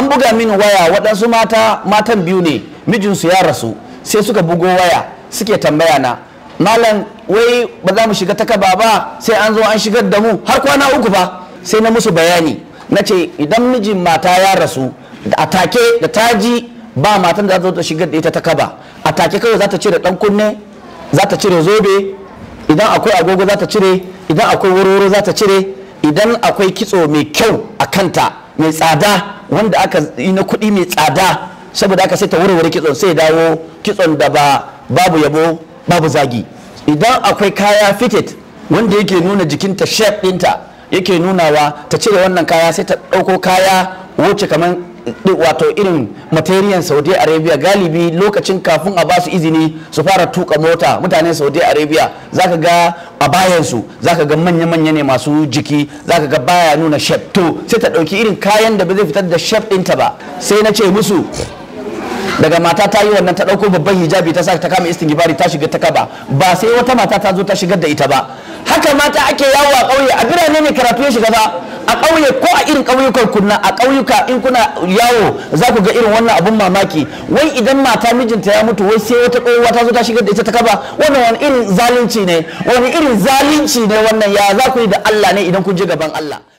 an buga min waya waɗansu mata matan biyu ne mijinsu ya rasu sai suka bugo waya suke tambaya na malam wai ba za mu shiga ta kaba ba sai an zo an shigar da mu har kwana uku ba sai na musu bayani na ce idan mijin mata ya rasu a take da taji ba matan da za ta shigar da ita ta kaba a take kawai za ta cire dan kunne za ta cire zobe idan akwai agogo za ta cire idan akwai wuroro za ta cire idan akwai kitso mai kyau a kanta mai tsada wanda aka yi na kuɗi mai tsada saboda aka saita ta warware kitson sai dawo kitson da ba babu yabo babu zagi idan akwai kaya fitted wanda yake nuna jikinta shape ɗinta yake nunawa ta cire wannan kaya sai ta ɗauko kaya wuce kamar wato irin materiyan saudi arabia galibi lokacin kafin a basu izini su fara tuka mota mutanen saudi arabia za ka ga a bayansu za ka ga manya-manya ne masu jiki za ka ga baya nuna shep to sai ta ɗauki irin kayan da ba zai fitar da shep ɗinta ba sai na ce musu daga mata ta yi wannan ta ɗauko babban hijabi ta sa ta kama gibari ta shiga ta kaba ba sai wata mata ta zo ta shigar da ita ba haka mata ake yawo a ƙauye a birane ne karatu ya shiga ba a ƙauye ko a irin ƙauyukan kunna a ƙauyuka in kuna yawo za ku ga irin wannan abun mamaki wai idan mata mijinta ya mutu wai sai wata ƙoyuwa ta zo ta shigar da ita ta kaba wannan wani irin zalunci ne wani irin zalunci ne wannan ya za ku yi da Allah ne idan kun je gaban Allah